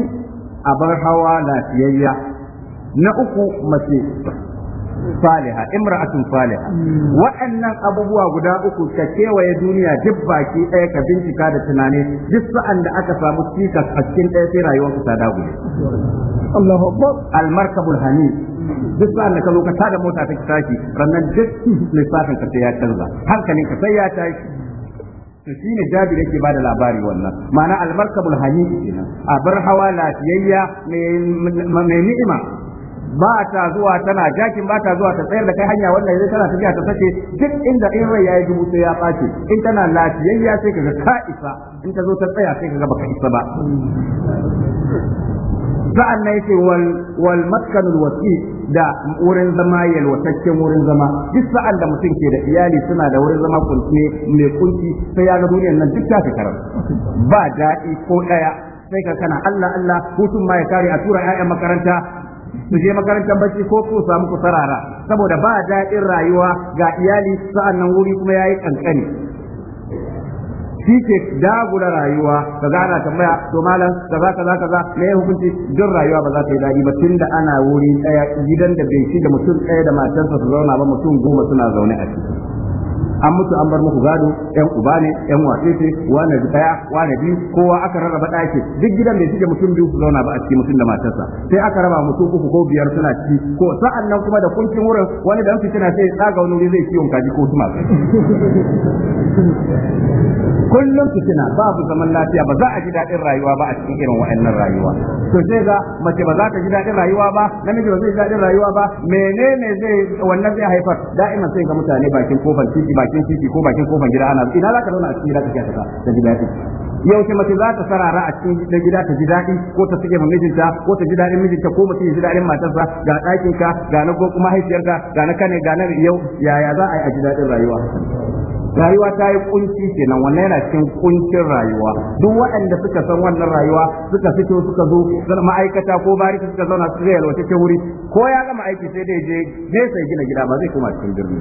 abar hawa lafiyayya na uku mace saliha imra'atun saliha waɗannan abubuwa guda uku ka kewaye duniya duk baki ɗaya ka bincika da tunani duk sa'an da aka samu cikas a cikin ɗaya sai rayuwar ku ta dagule Allahu akbar al-markabul hani duk sa'an da ka zo ka tada mota ta tashi rannan duk lissafin ka sai ya canza hankalin ka sai ya tashi to shine jabir yake bada labari wannan ma'ana al-markabul hani a bar hawa lafiyayya mai ni'ima ba ta zuwa tana jakin ba ta zuwa ta tsayar da kai hanya wannan zai tana tafiya ta sace duk inda in rai yayi dubu sai ya ɓaci in tana lafiyayya sai kaga ka'isa, in ta zo ta tsaya sai kaga baka isa ba sa'an nan yake wal wal wasi da wurin zama yalwataccen wurin zama duk sa'an da mutum ke da iyali suna da wurin zama kunce mai kunci sai ya ga duniyar nan duk ta karam ba daɗi ko daya sai ka kana Allah Allah hutun ma ya kare a tura 'ya'yan makaranta su je makarantar bacci ko su samu ku sarara saboda ba daɗin rayuwa ga iyali sa'an nan wuri kuma yayi kankani shi ke dagula rayuwa ka ga ana tambaya to malam za kaza kaza me hukunci duk rayuwa ba za ta yi daɗi ba tunda ana wuri ɗaya gidan da bai shi da mutum ɗaya da matarsa su zauna ba mutum goma suna zaune a ciki an mutu an bar muku gado yan uba ne yan watsi ce wani daya wani biyu kowa aka rarraba ɗaki duk gidan bai cike mutum biyu su zauna ba a ciki mutum da matarsa sai aka raba mutum uku ko biyar suna ciki ko sa'an nan kuma da kuncin wurin wani dan fitina sai tsaga wani wuri zai ciwon kaji ko tuma kullum fitina babu zaman lafiya ba za a ji daɗin rayuwa ba a cikin irin wa'annan rayuwa to sai ga mace ba za ta ji daɗin rayuwa ba namiji ba zai ji daɗin rayuwa ba menene zai wannan zai haifar da'iman sai ga mutane bakin kofar titi bakin cikin titi ko bakin kofar gida ana ina za ka zauna a cikin gida kake ta ta ji daɗi yaushe mace za ta sarara a cikin na gida ta ji daɗi ko ta sake ma mijinta ko ta ji daɗin mijinta ko mutum ya ji daɗin matarsa ga ɗakin ka ga na haifiyarka ga na kane ga na yau yaya za a yi a ji daɗin rayuwa rayuwa ta yi kunci kenan wannan yana cikin kuncin rayuwa duk waɗanda suka san wannan rayuwa suka fito suka zo zan ma'aikata ko bari suka zauna su zai yalwataccen wuri ko ya gama aiki sai dai je nesa gina gida ba zai koma cikin birni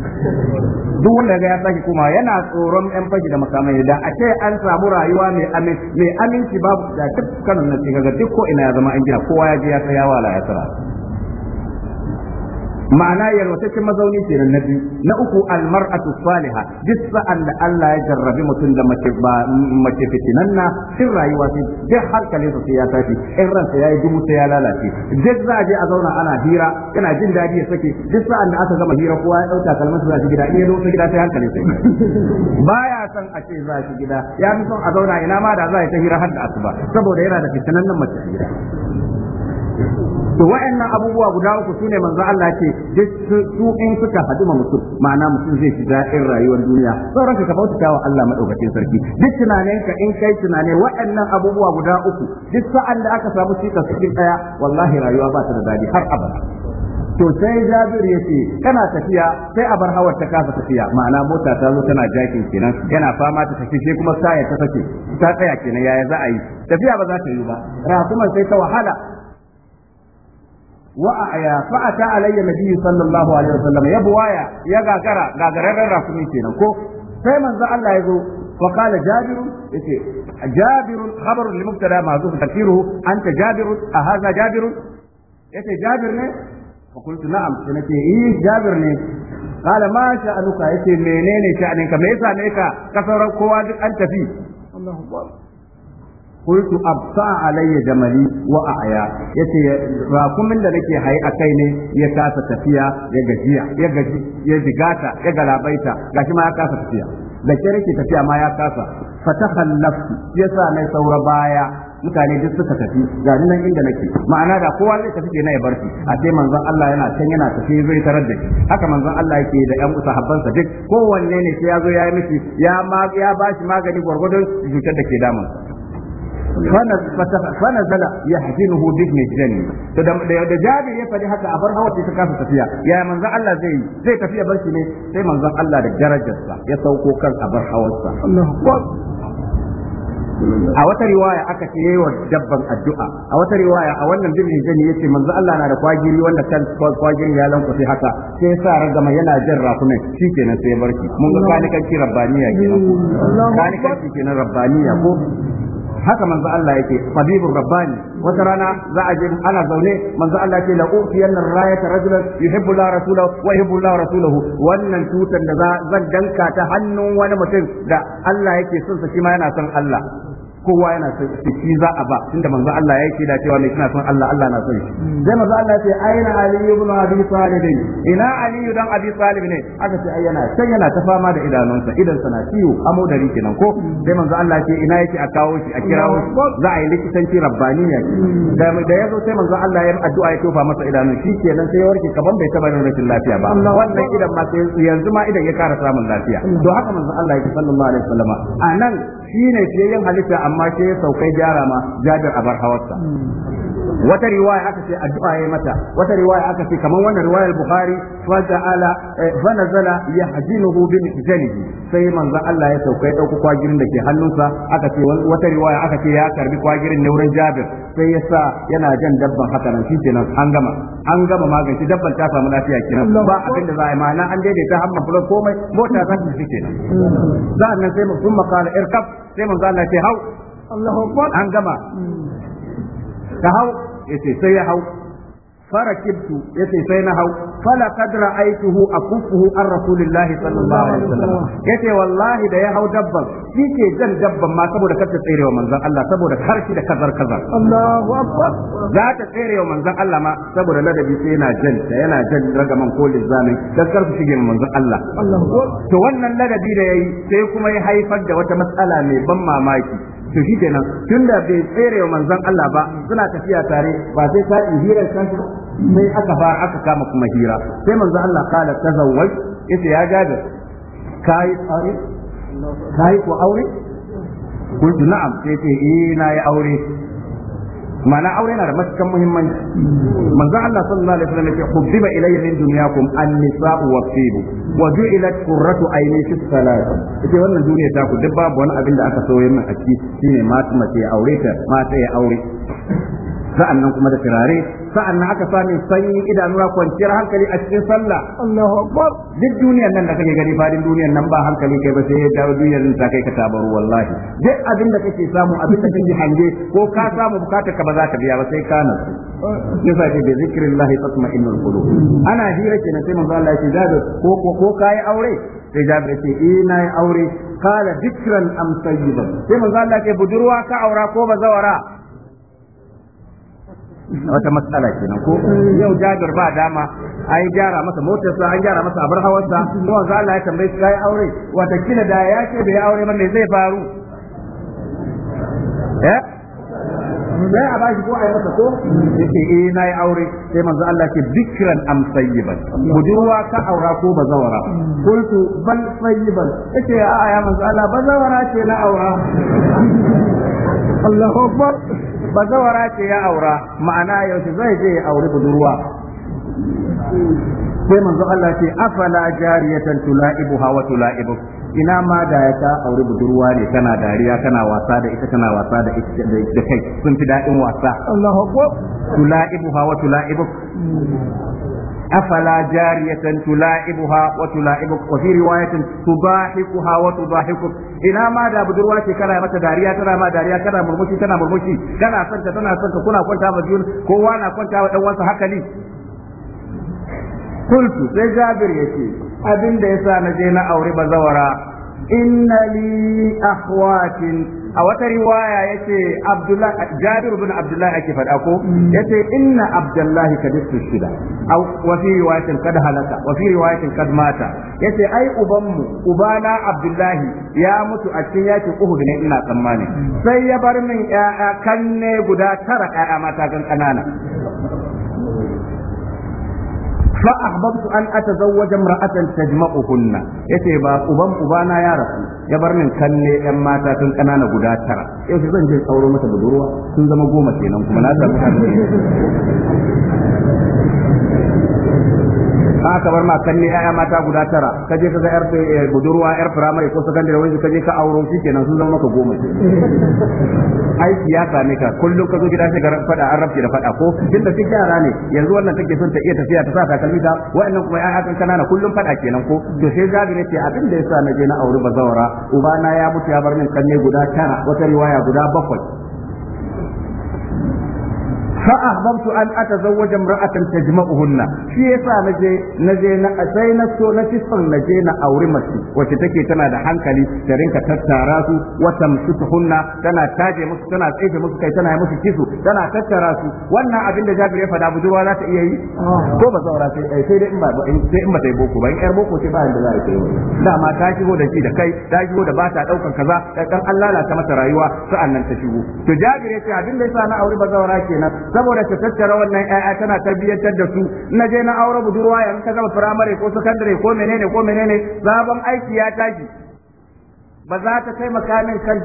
duk wanda ga ya sake koma yana tsoron yan fashi da makamai da a ce an samu rayuwa mai aminci babu da duk kanan na cikin duk ko ina ya zama an gina kowa ya je ya sayawa la ya ma'ana yalwataccen mazauni kenan na biyu na uku almar'atu saliha duk sa'an da Allah ya jarrabi mutum da mace ba mace fitinanna sun rayuwa sai duk hankalin sa sai ya tashi in ya yayi dubu sai ya lalace duk za a je a zauna ana hira yana jin dadi ya sake duk sa'an da aka gama hira kowa ya dauka kalmar sa shi gida in ya sai gida sai hankalin sa baya san a ce za shi gida ya fi son a zauna ina ma da za a yi ta hira har da asuba saboda yana da fitinannan mace a gida to wa'annan abubuwa guda uku sune manzo Allah ke duk su in suka haduma ma mutum ma'ana mutum zai shiga in rayuwar duniya sauran ka bauta wa Allah madaukakin sarki duk tunanin ka in kai tunane wa'annan abubuwa guda uku duk sa'an da aka samu shi cikin daya wallahi rayuwa ba ta da dadi har abada to sai Jabir yace kana tafiya sai a bar hawar ta kasa tafiya ma'ana mota ta zo tana jakin kenan yana fama ta tafi sai kuma ya ta sake ta tsaya kenan yaya za a yi tafiya ba za ta yi ba Rasuman sai ta wahala وأعيا فأتى علي النبي صلى الله عليه وسلم يا بوايا يا gagara غاغرا راكمي كينان ko sai manzo Allah ya zo fa qala jabir yace jabir khabar li mubtada ma'zuf tafsiruhu anta jabir a hadha jabir yace jabir ne fa qultu na'am sai nace eh jabir ne qala ma sha'anuka yace menene sha'aninka me yasa ne ka ka kowa duk an tafi Allahu akbar qultu absa alayya jamali wa aya yace rakumin da nake hayi akai ne ya kasa tafiya ya gajiya ya gaji ya jigata ya galabaita gashi ma ya kasa tafiya da ke nake tafiya ma ya kasa fatakhallaftu yasa na saura baya mutane duk suka tafi ga nan inda nake ma'ana da kowa zai tafi na ya bar shi a sai manzon Allah yana can yana tafi zai tarar da shi haka manzon Allah yake da ƴan sahabban sa duk kowanne ne sai ya zo ya yi mishi ya bashi magani gwargwadon cutar da ke damun fanazala yahzinuhu bibni jani to da da jabir ya fadi haka a bar hawa ta kafa tafiya ya manzon Allah zai zai tafiya barci ne sai manzon Allah da darajarsa ya sauko kan abar hawarsa a wata riwaya aka ce yayin dabban addu'a a wata riwaya a wannan bibin jani yace manzo Allah na da kwagiri wanda kan kwagiri ya lanku sai haka sai ya sa ragama yana jin rakumin shikenan sai ya barki mun ga kanikan ki rabbaniya kenan ko kanikan ki kenan rabbaniya ko haka manzo Allah yake tabibur rabbani wata rana za a je ana zaune manzo Allah yake la ufiyanna rayata rajulan yuhibbu la rasulahu wa yuhibbu la rasulahu wannan tutan da zan danka ta hannun wani mutum da Allah yake son sa shi ma yana son Allah kowa yana son shi za a ba tunda manzo Allah ya yi da cewa mai kina son Allah Allah na son shi sai manzo Allah ya ce aina ali ibn abi talib ina ali dan abi talib ne aka ce ai yana can yana ta fama da idanunsa idan sana ciwo amo dari kenan ko sai manzo Allah ya ce ina yake a kawo shi a kirawo shi za a yi likitanci rabbaniya da da yazo sai manzo Allah ya addu'a ya tofa masa idanun shi kenan sai ya warke kaban bai taba rashin lafiya ba wannan idan ma sai yanzu ma idan ya kara samun lafiya to haka manzo Allah ya sallallahu alaihi wasallama anan Shi ne ya yin halitta amma shi ya saukai gyara ma a bar hawarsa wata riwaya aka ce addu'a yayi mata wata riwaya aka ce kamar wannan riwayar bukhari fa ja'ala eh, fa nazala yahjinuhu bi mihjanihi sai manzo Allah ya sauka ya dauko kwagirin da ke hannunsa aka ce wata riwaya aka ce ya karbi kwagirin ne wurin Jabir sai ya sa yana jan dabban haka nan shikenan an gama an gama magance dabban ta samu lafiya kenan ba abin da za a yi ma'ana an daidaita hamma fulan komai mota za ta shi kenan sa'an nan sai mutum makala irkab sai manzo Allah ya ce hau Allahu akbar an gama ka hau yace sai ya hau farakibtu yace sai na hau fala kad ra'aituhu akuffuhu ar rasulillah sallallahu alaihi wasallam yace wallahi da ya hau dabban yake jan dabban ma saboda kar ta tserewa manzon Allah saboda karshi da kazar kazar Allahu akbar za ta tserewa manzon Allah ma saboda ladabi sai yana jan ta yana jan ragaman kolin zamin dan karfi shige manzon Allah Allahu to wannan ladabi da yayi sai kuma ya haifar da wata matsala mai ban mamaki to shi kenan tunda bai tsere wa manzon Allah ba suna tafiya tare ba sai ta hirar kansa sai aka fara aka kama kuma hira sai manzon Allah kala tazawwaj yace ya gaga kai aure kai ko aure kullu na'am sai ce eh na yi aure ma'ana aure yana da matukan muhimmanci manzon Allah sallallahu alaihi wasallam ya ce hubbiba ilayya min dunyakum an-nisa'u wa wa ju'ilat qurratu ayni fi salat ita wannan duniya ta ku duk babu wani abin da aka so yin a ciki shine mata mace ya aure ta mata ya aure sa'an nan kuma da turare sa'an nan aka sami sanyi idanuwa kwanciyar hankali a cikin sallah Allahu akbar duk duniyar nan da kake gani fadin duniyar nan ba hankali kai ba sai ya dawo duniyar nan ta kai ka tabaru wallahi duk abin da kake samu abin da kake hange ko ka samu bukatar ka ba za ka biya ba sai ka nasu yasa ce bi zikrillah tatma'innul qulub ana hira kenan sai manzo Allah ya ce ko ko kai aure sai jabir ya ce eh na aure kala dikran am sayyiban sai manzo Allah ya ce budurwa ka aura ko bazawara wata matsala nan ko yau Jabir ba dama an gyara masa motarsa an gyara masa abar hawarsa kuma za Allah ya tambaye shi kai aure wata kila da ya ce bai aure ba me zai faru eh? sai a bashi ko a yi masa ko yace eh nayi aure sai manzo Allah ke bikran am sayyiban budurwa ka aura ko bazawara qultu bal sayyiban yace a ya manzo Allah bazawara ce na aura Allahu akbar bazawara ce ya aura ma'ana yaushe zai je ya aure budurwa sai manzo Allah ce afala jariyatan tulaibuha wa tulaibuka ina ma da ya ta aure budurwa ne kana dariya kana wasa da ita kana wasa da ita da kai sun fi daɗin wasa Allahu akbar tula'ibuha wa tula'ibuk أفلا جارية تلائبها وتلائبك وفي رواية wa وتضاحكك ina ma da budurwa ce kana mata dariya tana ma dariya kana murmushi tana murmushi kana son tana son ka kuna kwanta ma jiyun kowa na kwanta wa dan wasa hakali قلت لجابر Jabir yace abin da yasa na je na aure bazawara inna li akhwatin a wata riwaya yace Abdullah Jabir bin Abdullah ake faɗa ko yace inna Abdullah kad shida aw wa fi riwayatin kad halaka wa fi riwayatin kad mata yace ai uban mu ubana Abdullah ya mutu a cikin yakin Uhud ne ina tsammani sai ya bar min ƴaƴa kanne guda tara ƴaƴa mata kan kanana fa ahbabtu an atazawwaja imra'atan tajma'uhunna yace ba uban ubana ya rasu ya bar min kalle yan mata tun kanana guda tara yace zan je tsauro mata budurwa sun zama goma kenan kuma na samu ka bar ma kanne yaya mata guda tara ka je ka ga yar eh, budurwa yar firamare ko sakandare wani ka je ka auro shi kenan sun zama maka goma ai siyasa ne ka kullum ka zo gida sai ka fada an rabce da fada ko tunda duk yara ne yanzu wannan take son ta iya tafiya ta sa takalmi ta wa'annan kuma yaya kan kanana kullum fada kenan ko to sai zabi ne ce abin da yasa na je na auri bazawara ubana ya mutu ya bar min kanne guda tara wata riwaya guda bakwai fa ahbabtu an atazawwaja imra'atan tajma'uhunna shi yasa naje naje na sai na so na ci son naje na aure mace wacce take tana da hankali ta rinka tattara su wa tamsukuhunna tana taje musu tana tsaye musu kai tana musu kisu tana tattara su wannan abin da Jabir ya faɗa budurwa za ta iya yi ko ba zaura sai sai dai in ba sai in ba ta yi boko ba in yar boko sai ba inda za ta yi dama ta shigo da shi da kai ta shigo da ba ta daukan kaza dan an lalata mata rayuwa sa'annan nan ta shigo to Jabir ya ce abin da yasa na aure ba zaura kenan saboda ta tattara wannan ƴaƴa tana tarbiyyantar da su na je na aure budurwa yanzu ta gama firamare ko sakandare ko menene ko menene sabon aiki ya tashi ba za ta taimaka min kan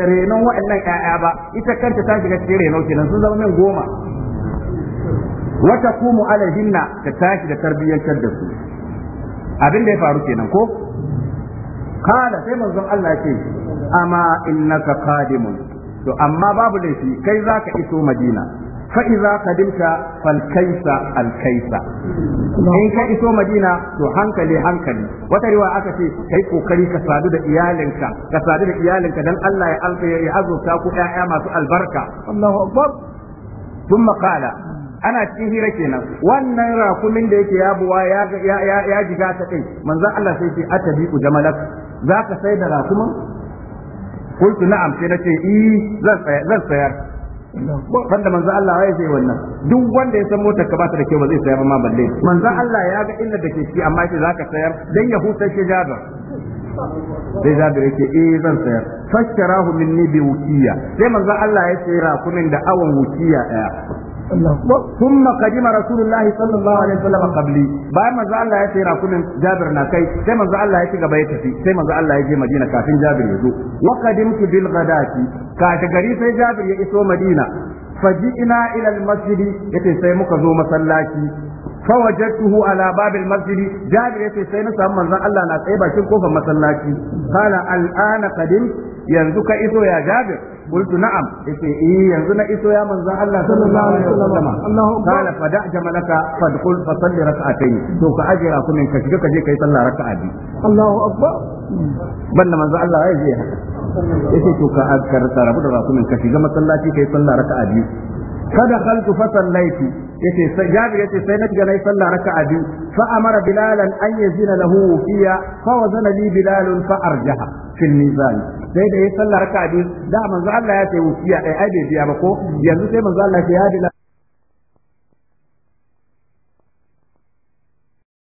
renon waɗannan ƴaƴa ba ita kanta ta shiga cikin renon kenan sun zama min goma wata kumu alaihinna ta tashi da tarbiyyantar da su abin da ya faru kenan ko kala sai manzon Allah ce amma innaka qadimun to amma babu laifi kai zaka iso madina fa'iza kadimta falkaisa alkaisa in ka iso madina to hankali hankali wata riwa aka ce kai kokari ka sadu da iyalinka ka sadu da iyalinka dan Allah ya alfa ya azurta ku ƴaƴa masu albarka Tun akbar ana cikin hira kenan wannan rakumin da yake yabuwa ya ya ya jiga ta din Allah sai ce atabi ku jamalak zaka sai da rakumin qultu na'am sai nace eh zan sayar banda manzo Allah ya sai wannan duk wanda ya san motar ka ba ta da kyau ba zai saya ba ma balle manzo Allah ya ga inda ke shi amma shi zaka sayar dan ya huta shi jaba sai jaba yake eh zan sayar fakkarahu minni bi wukiya sai manzo Allah ya sayar kunin da awan wukiya daya ثم قدم رسول الله صلى الله عليه وسلم قبلي bayan manzo Allah ya tsira kunin Jabir na kai sai manzo Allah ya ci gaba ya tafi sai manzo Allah ya je Madina kafin Jabir ya zo wa qadimtu bil ghadati gari sai Jabir ya iso Madina faji'na ila al masjid yace sai muka zo masallaci فوجدته على باب المسجد جابر يتي سينا سام منزل الله نا تsaye bakin kofar masallaci قال al'ana قدمت yanzu ka iso ya jabir qultu na'am yace eh yanzu na iso ya manzon Allah sallallahu alaihi wasallam Allahu qala fada jamalaka fadkhul fa salli rak'atayn to ka ajira ku min ka shiga ka je kai sallah raka'a bi Allahu akbar banda manzon Allah ya je yace to ka akkar tarabu da rakumin ka shiga masallaci kai sallah raka'a bi kada khaltu fa sallaiti yace sai Jabir yace sai na ganai sallah raka'a biyu fa amara bilalan an yazina lahu fiya fa wazana li bilal fa arjaha fil mizan sai da yayi sallah raka'a biyu da manzo Allah ya ce wufiya ai ai bai biya ba ko yanzu sai manzo Allah ya ce ya